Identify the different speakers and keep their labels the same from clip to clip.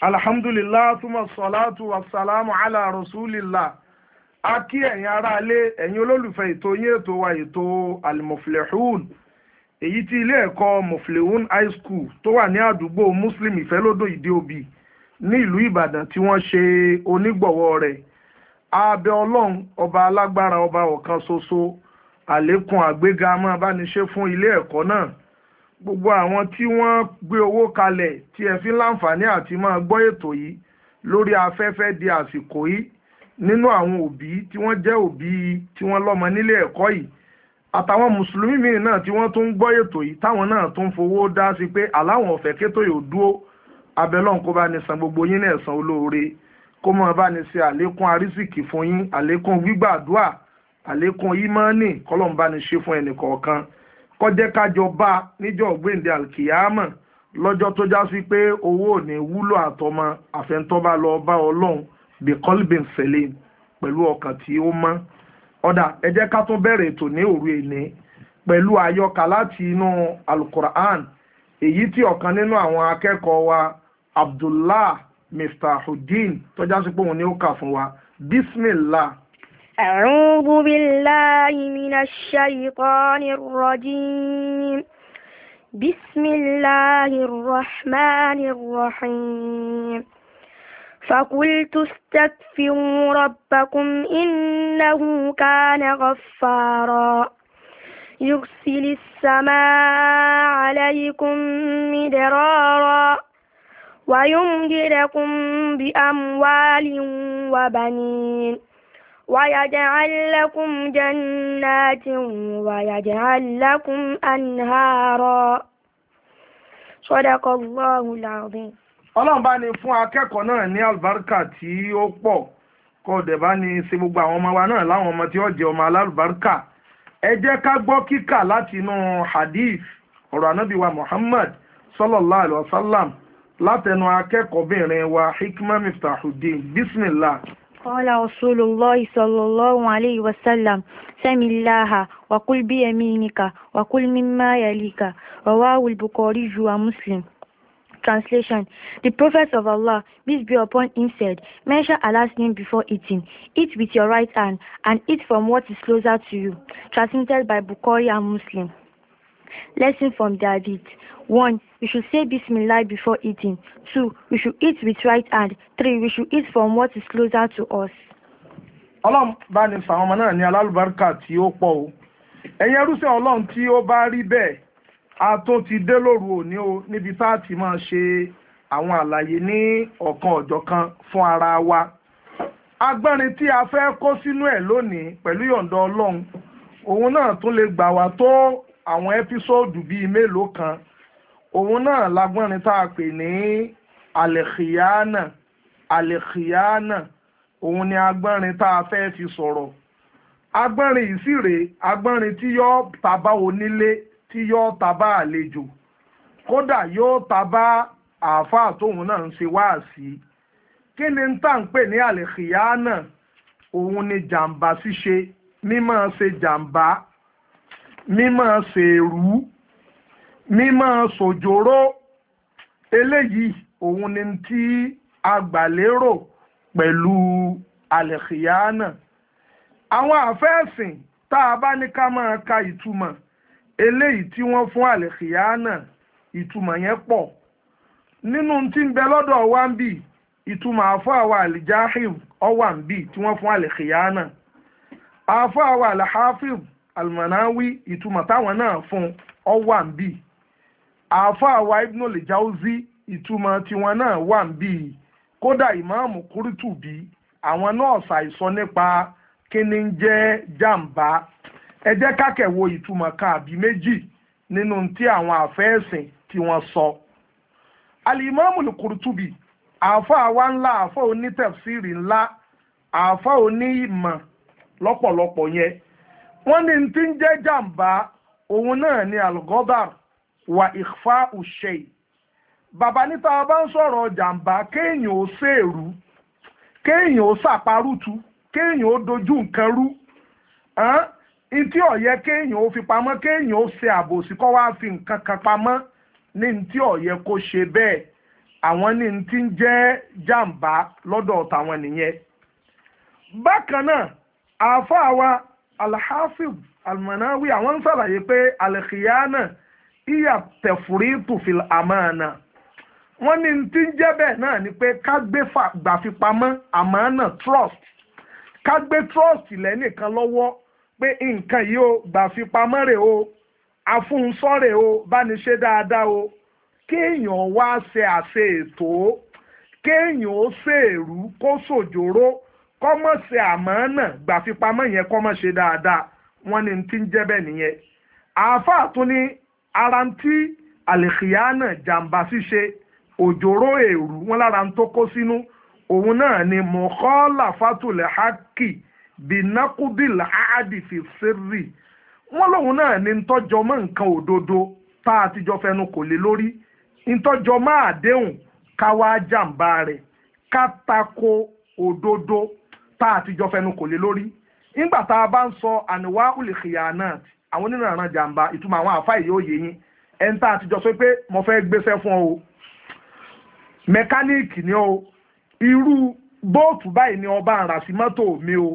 Speaker 1: alhamdulillah tuma salatu wa salamu ala rasulillah a kí ẹ̀yin aráalé ẹ̀yin olólùfẹ́ ètò yín ètò wa ètò almuflehun èyí tí ilé ẹ̀kọ́ muflehun high school tó wà ní àdúgbò muslim ìfẹ́lódò ìdí òbí ní ìlú ìbàdàn tí wọ́n ṣe onígbọ̀wọ́ rẹ̀ abẹ ọlọ́run ọba alágbára ọba ọ̀kan ṣoṣo àlékún àgbéga máa bá ní ṣe fún ilé ẹ̀kọ́ náà gbogbo àwọn tí wọ́n gbé owó kalẹ̀ tí ẹ fi láǹfààní àti máa gbọ́ ètò yìí lórí afẹ́fẹ́ di àsìkò yìí nínú àwọn òbí tí wọ́n jẹ́ òbí tí wọ́n lọ́mọ nílé ẹ̀kọ́ yìí àtàwọn mùsùlùmí mìíràn náà tí wọ́n tún ń gbọ́ ètò yìí táwọn náà tún ń fowó dá sí pé aláwọn ọ̀fẹ́ kétò yóò dúró abẹ́lọ́n kó bá ní san gbogbo yín náà san olóore kó mọ̀ bá ní ṣe àlékún arísìkì fún yín àlékún gbígbàdúà àlékún ìmánì kọ́lọ́n kọjẹ́ kájọ bá níjọ́ gbèǹde alkiyama lọ́jọ́ tó já sí pé owó ò ní wúlò àtọmọ àfẹntọ́ba lọ bá ọlọ́run bí kọ́lbìn sẹ́lẹ̀ pẹ̀lú ọkàn tí ó mọ́ ọ̀dà ẹ jẹ́ ká tún bẹ̀rẹ̀ ètò ní òru èní pẹ̀lú àyọkà láti inú alukur'an èyí tí ọ̀kan nínú àwọn akẹ́kọ̀ọ́ wa abdullah miftahuddin tó já sí pé òun ni ó kà fún wa bismillah. أعوذ بالله من الشيطان الرجيم بسم الله الرحمن الرحيم فقلت استكفروا ربكم إنه كان غفارا يرسل السماء عليكم مدرارا ويمجركم بأموال وبنين ويجعل لكم جنات ويجعل لكم أنهارا صدق الله العظيم ọlọ́run bá ní fún akẹ́kọ̀ọ́ náà ní àlùbáríkà tí ó pọ̀ kó dẹ̀ bá ní ṣe gbogbo àwọn ọmọ wa náà láwọn ọmọ tí ó jẹ́ ọmọ alálùbáríkà ẹ jẹ́ ká gbọ́ kíkà láti inú hadith ọ̀rọ̀ ànábì muhammad sallallahu alayhi wa sallam látẹnu akẹ́kọ̀ọ́bìnrin wa hikma miftahuddin bismillah. قال رسول الله صلى الله عليه وسلم سم الله وقل بيمينك وقل مما يليك رواه البخاري ومسلم Translation The Prophet of Allah, peace be upon him, said, Mention Allah's name before eating. Eat with your right hand and eat from what is closer to you. Transmitted by Bukhari and Muslim. Lesson from their deeds. 1. We should say Bismillah before eating. Two, We should eat with right hand. Three, We should eat from what is closer to us. Ọlọ́run bá ọmọ náà ní alálùbáríkà tí ó pọ̀ o. Ẹ̀yin ẹrúṣẹ́ Ọlọ́run tí ó bá rí bẹ́ẹ̀, a tó ti dé lóru òní o níbi tá a ti máa ṣe àwọn àlàyé ní ọ̀kan ọ̀jọ̀kan fún ara wa. Agbẹ́rin tí a fẹ́ kó sínú ẹ̀ lónìí pẹ̀lú yọ̀ǹda Ọlọ́run, òun náà tún lè gbà wá tó àwọn ẹ́písòòdù bíi mélòó kan òun náà lágbọ́nrin tá a pè ní àlẹ̀kìyáánà àlẹ̀kìyáánà òun ni agbọ́nrin tá a fẹ́ fi sọ̀rọ̀ agbọ́nrin yìí sì rèé agbọ́nrin tí yóò tàbá onílé tí yóò tàbá àlejò kódà yóò tàbá àáfàá tóun náà ń ṣe wáàsí kí ni ń tà ń pè ní àlẹ̀kìyáánà òun ni jàǹbá ṣíṣe mímọ́ ṣe jàǹbá mímọ́ ṣèrú mímọ́ ṣòjòrò eléyìí òun ni tí agbàlérò pẹ̀lú àlẹ̀kìyáánà àwọn àfẹ́sìn tá a bá ní ká máa ka ìtumọ̀ eléyìí tí wọ́n fún àlẹ̀kìyáánà ìtumọ̀ yẹn pọ̀ nínú tí ń bẹ lọ́dọ̀ wa ń bì ìtumọ̀ àfọ́ àwa àlìjáhìm ọwà ń bì tí wọ́n fún àlẹ̀kìyáánà àfọ́ àwa àlàháfìm almanawi ìtumọ̀ táwọn náà fún ọ wà ń bì àáfàá wa ibn al-Jawzi ìtumọ̀ tiwọn náà wà ń bì kódà ìmáàmù Qurtubi àwọn náà ṣàìsọ nípa kíni ń jẹ́ jàǹbá ẹ jẹ́ kákẹ́wò ìtumọ̀ kan àbí méjì nínú tí àwọn àfẹ́ẹ̀sìn tí wọ́n sọ. alimami Qurtubi àáfàá wa ńlá àáfàá onítẹ̀fsírì ńlá àáfàá onímọ̀ lọ́pọ̀lọpọ̀ yẹn wọn ní tí ń jẹ́ jàǹbá òun náà ni algobar wa ìfà òṣèyí bàbá níta bá ń sọ̀rọ̀ jàǹbá kéèyàn ó ṣèrú kéèyàn ó ṣàparùtù kéèyàn ó dojú nǹkan rú ní tí ó yẹ kéèyàn ó fi pamọ́ kéèyàn ó ṣe àbòsí kó wá fi nǹkan kan pamọ́ ní tí ó yẹ kó ṣe bẹ́ẹ̀ àwọn ní tí ń jẹ́ jàǹbá lọ́dọ̀ tàwọn nìyẹn bákan náà àáfàá wa alhafib almanawi àwọn ń ṣàlàyé pé alkhiyana iya tẹ̀fúrítù fil amana wọ́n ní tí ń jẹ́ bẹ́ẹ̀ náà ni pé ká gbé gbàfipamọ́ amana trust ká gbé trust lẹ́nìkan lọ́wọ́ pé nǹkan yìí ó gbàfipamọ́ rẹ̀ o afúnṣọ́rẹ̀ o báni ṣe dáadáa o kéèyàn wá ṣe àṣe ètò kéèyàn ó ṣèrú kó ṣòjòrò. So kọ́mọ̀sì àmọ́ náà gbàfipamọ́ yẹn kọ́mọ̀sì dáadáa wọ́n ní ti ń jẹ́ bẹ́ẹ̀ nìyẹn àáfàá tún ní ara tí àlèkìyá náà jàǹbá ṣíṣe òjòrò èrú wọn lára tó kó sínú òun náà ni mọ̀kọ́lá fatulẹ̀ hákì bínákúdìl áàdì fi sírì wọn lòun náà ni ntọ́jọmọ́ nǹkan òdodo tá a ti jọ fẹnu kò lé lórí ntọ́jọmọ́ àdéhùn káwá jàǹbá rẹ̀ ká òdodo tá a ti jọ fẹnu kò lé lórí nígbà tá a bá ń sọ àníwá olùkìyà náà àwọn onírànràn jàǹbá ìtumọ̀ àwọn àfa yìí yóò yé yín ẹni tá ti jọ sọ pé mo fẹ́ gbéṣẹ́ fún ọ mẹkáníìkì ni o irú bóòtù báyìí ni ọba àrà sí mọ́tò mi o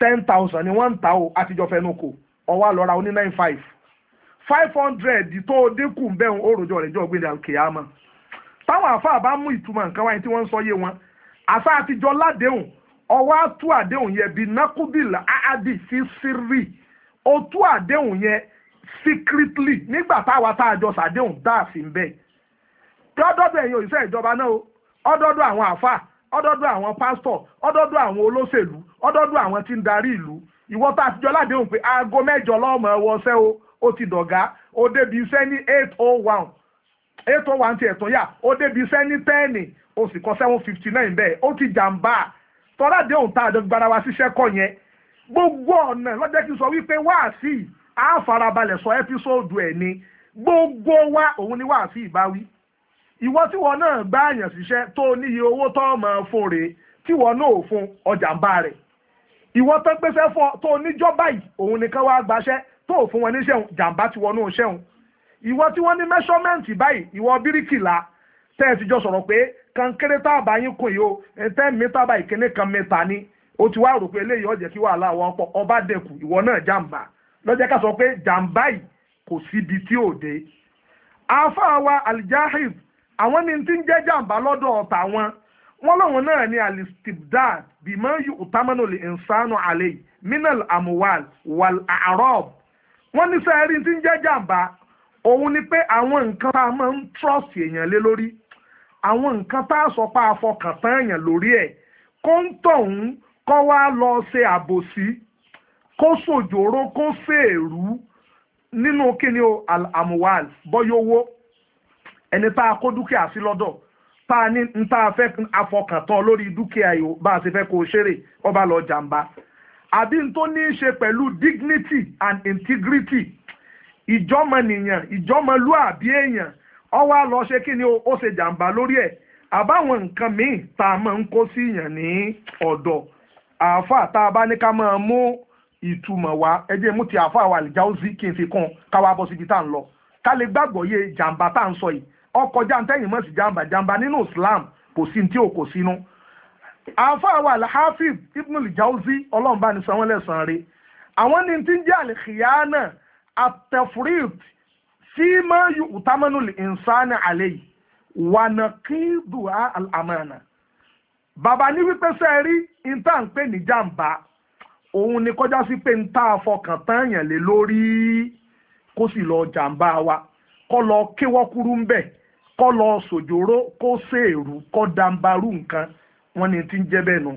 Speaker 1: ten thousand ni wọ́n ń ta o àtijọ́ fẹnu kò ọwọ́ àlọ́ra oní nine five five hundred tó dínkù bẹ́ẹ̀ òròjọ rẹ̀ jọ gbéra kìámà táwọn àfa àbá mú ìtumọ̀ nǹkan wáyé tí wọ́n ń sọ yé wọn àṣà àtijọ́ ládéhùn ọwọ́ á tú àdéhùn yẹn bíi nákúdìlà áádì sí sírì ó tú àdéhùn yẹn secretly nígbà táwa tá a jọ sàdéhùn dáàfin bẹ́ẹ̀ dọ́dọ́dọ̀ ẹ̀yin òṣìṣẹ́ ìjọba náà o ọdọ́dọ̀ àwọn àfà ọdọ́dọ̀ àwọn pásítọ̀ ọdọ́dọ̀ àwọn olóṣèlú ọdọ́dọ̀ àwọn tí ń darí ìlú ìwọ tá a ti jọ ládéhùn pé aago mẹ́jọ lọ́mọ ẹwọ ṣẹ́ o ó ti dọ̀gá ó débi iṣẹ́ ní eight oh one eight oh one ti ẹ̀tún yà ó débi iṣẹ́ ní tẹ́ẹ̀nì ó sì seven fifty nine bẹ́ẹ̀ ó ti jàǹbá tọ́lá dé òun tá a dọ́gba ara wa ṣiṣẹ́ kọ́ yẹn gbogbo ọ̀nà lọ́jọ́ kí n sọ wípé wáàsí à á farabalẹ̀ sọ ẹ́písòdù ẹ̀ ni gbogbo wa òun ni wáàsí ìbáwí ìwọ tíwọ náà gbá àyàn ṣiṣẹ́ tó níye owó tó máa fún rèé tíwọ náà ò fún ọjà ń bá rẹ̀ ìwọ tó gbéṣẹ́ fún ọ tó níjọ́ báyìí òun nìkan wá gbaṣẹ́ tó fún wọn níṣẹ́ jàǹbá tiwọn náà ṣẹ́hun ìwọ tí wọ́n ní mẹ́ṣọ́mẹ́ǹtì báyìí ìwọ bíríkìlà tẹ́ ẹ ti jọ sọ̀rọ̀ pé kankéré tá a bá yín kùn yìí o ten mítà báyìí kíní kan mítà ni o ti wá rò pé eléyìí ọ̀jẹ̀ kí wàhálà wọn pọ̀ ọba dẹ̀kù ìwọ náà jàǹbá lọ́jọ́ ká sọ pé jàǹbá yìí kò síbi tí ò dé. àáfàá wa aljahiz àwọn ni ti ń jẹ́ jàǹbá lọ́dọ̀ ọ̀tá wọn wọn lọ́wọ́n náà ni alistibdad bímọ yóò tamanu lè nsánú àlè minal amuwal wal arob wọ́n ní sẹ́ẹ̀rí ti ń jẹ́ jàǹbá òun ni pé àwọn nǹkan tá a máa ń trọ́ọ̀sì èèyàn lé lórí àwọn nǹkan tá a sọ pa àfọkàn tányàn lórí ẹ̀ kóńtọ̀hún kọ́ wá lọ ṣe àbòsí kó sòjòrò kó fèèrú nínú kíni o àmúwàl bọ́yọ̀wọ́ ẹni tá a kó dúkìá sí lọ́dọ̀ tá a ní n tá a fẹ́ àfọkàntán lórí dúkìá yìí bá a ṣe fẹ́ kó ṣeré ọba lọ jàǹbá àbí n tó ní í ṣe pẹ̀lú dignity and integrity ìjọ́mọnìyàn ìjọ́mọlúàbí èèyàn ọwọ́ lọ ṣe kí ni ó ṣe jàǹbá lórí ẹ̀ àbáwọn nǹkan míì tá a máa ń kó sí yàn ní ọ̀dọ̀ àáfà tá a bá ní ká máa mú ìtumọ̀ wá ẹ jẹ́ mú ti àáfà wa àlìjáúsí kí n fi kún káwa bọ́ síbi tá à ń lọ ká lè gbàgbọ́ yé jàǹbá tá à ń sọ yìí ọkọ̀ jáǹtẹ́yìn mọ̀ sí jàǹbá jàǹbá nínú Islam kò sí tí ò kò sínú àáfà wa alhafib ibn aljáúsí ọlọ́run bá ní sanwó lẹ́sàn-án rẹ̀ àwọn ní ti ń jẹ́ àlìkìyà fíìmọ̀ ìtàmọ́nù ìsánì àlẹ́ yìí wànà kí dùhà àmàna bàbá ní wípé sẹ́ẹ̀rí ìta ń pè ní jàǹbá òun ni kọjá sí pé ń ta àfọkàn tán yàn lé lórí kó sì lọ jàǹbá wa kọ́ lọ kéwọ́kúrú ń bẹ̀ kọ́ lọ sòjòrò kó sèèrú kọ́ dàǹbarú nǹkan wọ́n ní ti ń jẹ́ bẹ́ẹ̀ nu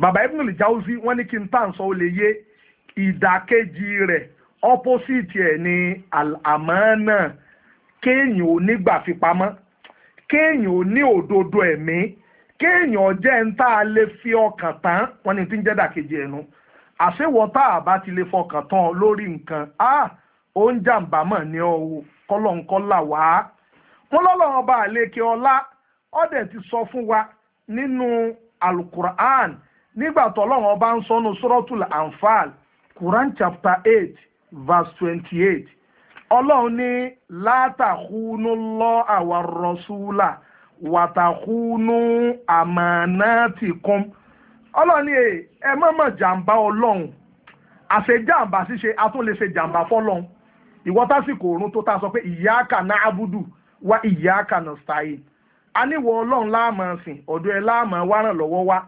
Speaker 1: bàbá Ibn al-Jawzi wọ́n ní kí n tà sọ ó lè yé ìdàkejì rẹ̀ opposite ẹ̀ ni àmánà kéèyàn ò ní gbà fipamọ́ kéèyàn ò ní òdodo ẹ̀mí kéèyàn jẹ́ ń tá a lè fi ọkàn tán wọ́n tí ń jẹ́ dàkejì ẹnu tá a bá ti lè fọkàn tán lórí nǹkan á ó ń jàǹbá ní ọ̀hún ọba àlekè ọlá ti sọ fún wa nínú alukur'an nígbà ọba ń anfal quran chapter eight verse twenty eight ọlọ́run ní látàkúnú lọ àwa rọ̀ṣúlà wàtàkúnú àmànátìkún ọlọ́run ní ẹ mọ̀mọ̀ jàǹbá ọlọ́run àṣejàǹbá ṣíṣe a tún lè ṣe jàǹbá fọlọ́run ìwọ tásìkò òórùn tó ta sọ pé ìyá kàná abudu wá ìyá kàná style a níwọ ọlọ́run láàmú sìn ọ̀dọ̀ ẹ láàmú wárán lọ́wọ́ wá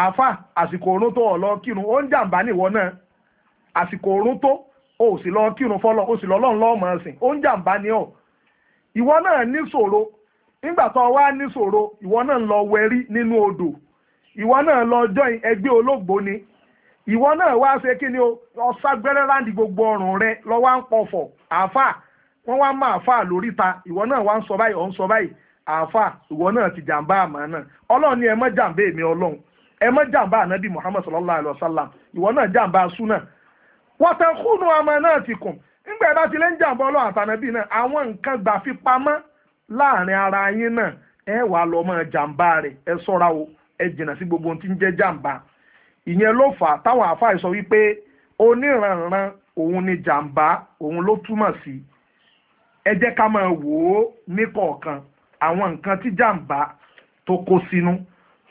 Speaker 1: àáfà àsìkò òórùn tó ọ̀lọ́ kírun ó ń jàǹbá níwọ náà àsìkò òórùn tó o sì lọ kírun fọlọ́ o sì lọ lọ́run lọ́ọ̀mọ̀ ẹ̀sìn ó ń jàǹbá ni ọ̀ ìwọ náà níṣòro nígbà tó wá níṣòro ìwọ náà lọ wẹrí nínú odò ìwọ náà lọ join ẹgbẹ́ olóògbó ni ìwọ náà wá ṣe kí ni o ọ̀ságbẹ́rẹ́ láǹdì gbogbo ọrùn rẹ lọ wá ń pọ̀fọ̀ àáfà wọ́n wá máa fà lóríta ìwọ náà wá ń sọ báyìí ọ̀ ń sọ báyìí àáfà ìwọ náà ti jàǹbá àmọ́ náà ọlọ́run ni ẹ má jàǹbá èmi ọlọ́run ẹ má jàǹbá ànábì Muhammad sallallahu alayhi wa sallam ìwọ náà jàǹbá súnà wọ́tẹ̀kùnú ọmọ náà ti kùn nígbà bá ti lè ń jàǹbọ̀ ọlọ́run àtànàbí náà àwọn nǹkan gbà fi pamọ́ láàrin ara yín náà ẹ wà lọ mọ jàǹbá rẹ̀ ẹ sọ́ra o ẹ jìnnà sí gbogbo ohun tí ń jẹ́ jàǹbá ìyẹn ló fà á táwọn àáfàá sọ wípé oníranran òun ni jàǹbá òun ló túmọ̀ sí ẹ jẹ́ ká máa wò ó ní kọ̀ọ̀kan àwọn nǹkan tí jàǹbá tó kó sínú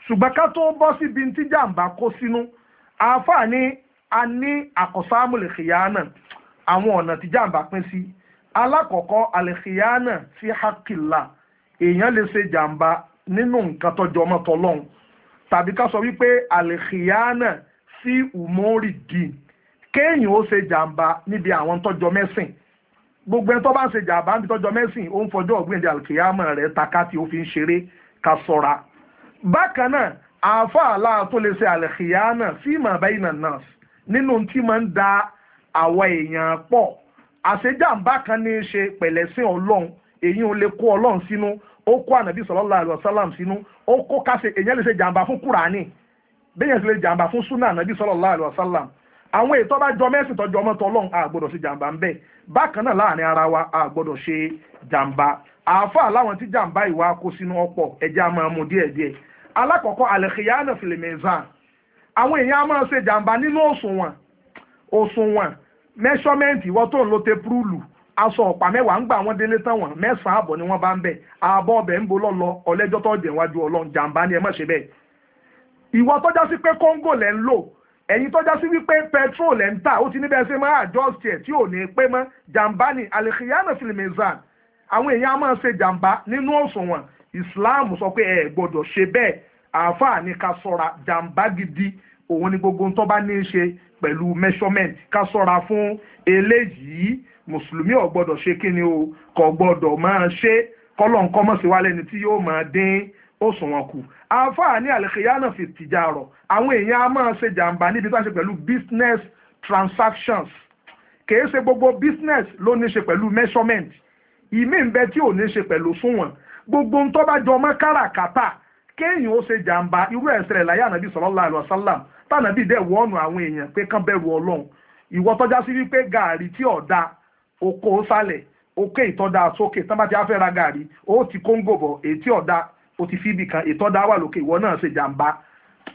Speaker 1: ṣùgbọ́n ká tó bọ́ síbi tí jàǹbá kó sínú àáfàá ní a ní àkọ́sáàmù lè kìyàánà àwọn ọ̀nà tí jàǹbá pín sí alákọ̀ọ́kọ́ àlèkìyàánà sí hakila èèyàn lè ṣe jàǹbá nínú nǹkan tọjọ ọmọ tọlọ́hun tàbí ká sọ wípé àlèkìyàánà sí umori di kéèyàn ó ṣe jàǹbá níbi àwọn tọjọ mẹ́sìn gbogbo ẹni tó bá ń ṣe jàǹbá níbi tọjọ mẹ́sìn ó ń fọjọ́ ọ̀gbìndì àlèkìyàánà rẹ̀ takátì ó fi ń ṣeré ká sọ́ra bákan náà àáfàá aláà tó lè ṣe àlèkìyàánà sí ìmọ̀ àbáyìnà náà nínú tí máa ń da àwọn èèyàn pọ̀ àṣejàmbá kan ní í ṣe pẹ̀lẹ́sìn ọlọ́run èyí ò lè kó ọlọ́run sínú ó kó ànábì sallallahu alaihi wasallam sínú ó kó kásẹ̀ èèyàn lè ṣe jàǹbá fún kúránì bẹ́yẹn sì lè jàǹbá fún súnà ànábì sallallahu alaihi wasallam àwọn ètò bá jọ mẹ́sìn tọ́jú ọmọ tọ́ ọlọ́run àgbọ̀dọ̀ ṣe jàǹbá ń bẹ̀ bákan náà láàrin ara wa àgbọ̀dọ̀ ṣe jàǹbá àáfàá láwọn tí jàǹbá ìwà kó sínú ọ̀pọ̀ ẹ̀jẹ̀ a máa mú díẹ̀díẹ̀ alákọ̀ọ́kọ́ al-khiyana fil mizan àwọn èèyàn máa ṣe jàǹbá nínú òṣùwọ̀n òṣùwọ̀n mẹ́ṣọ́mẹ́ǹtì ìwọ tó ń lo tepurúlù aṣọ ọ̀pá mẹ́wàá ń gbà wọ́n délé tán wọ́n mẹ́sàn-án àbọ̀ ni wọ́n bá ń bẹ̀ àbọ̀ ọbẹ̀ ń bo lọ́lọ́ ọlẹ́jọ́ tó jẹ̀ wájú ọlọ́run jàǹbá ni ẹ má ṣe bẹ́ẹ̀. ìwọ tọ́já sí pé kóńgò lẹ̀ ń lò ẹ̀yin tọ́já sí wípé petrol lẹ̀ ń tà ó ti níbẹ̀ ṣe máa adjust ẹ̀ tí ò ní pé mọ́ jàǹbá ni alikhiyana filimizan àwọn èèyàn á máa ṣe jàǹbá nínú òṣùwọ̀n Islam sọ pé ẹ gbọ́dọ̀ ṣe bẹ́ẹ̀ àáfàá ni ká sọ́ra jàǹbá gidi òun ni gbogbo tó bá ní í ṣe pẹ̀lú measurement ká sọ́ra fún eléyìí mùsùlùmí ò gbọ́dọ̀ ṣe kí ni o kò gbọ́dọ̀ máa ṣe kọ́lọ́n kọ́mọ̀ sí wa lẹ́ni tí yóò máa dín òṣùwọ̀n kù àáfàá ní àlẹ́kẹ̀yánà fi tìjà rọ̀ àwọn èèyàn á máa ṣe jàǹbá níbi tó ṣe pẹ̀lú business transactions kìí ṣe gbogbo business ló ní ṣe pẹ̀lú measurement ìmí ń bẹ tí ò ní ṣe pẹ̀lú súnwọ̀n gbogbo ń tó bá jọ mọ́ káràkátà kéèyàn ó ṣe jàǹbá irú ẹ̀sẹ̀ rẹ̀ láyé ànábì sallallahu alaihi wasallam tànàbì dẹ̀ wọ́ọ̀nù àwọn èèyàn pé kán bẹ̀rù ọlọ́run ìwọ tọ́já sí wípé gàárì tí ọ̀dà oko sálẹ̀ òkè ìtọ́dà sókè tán bá ti afẹ́ ra gàárì ó ti kóńgò bọ̀ èyí tí ọ̀dà ó ti fi ibì kan ìtọ́dà wà lókè ìwọ náà ṣe jàǹbá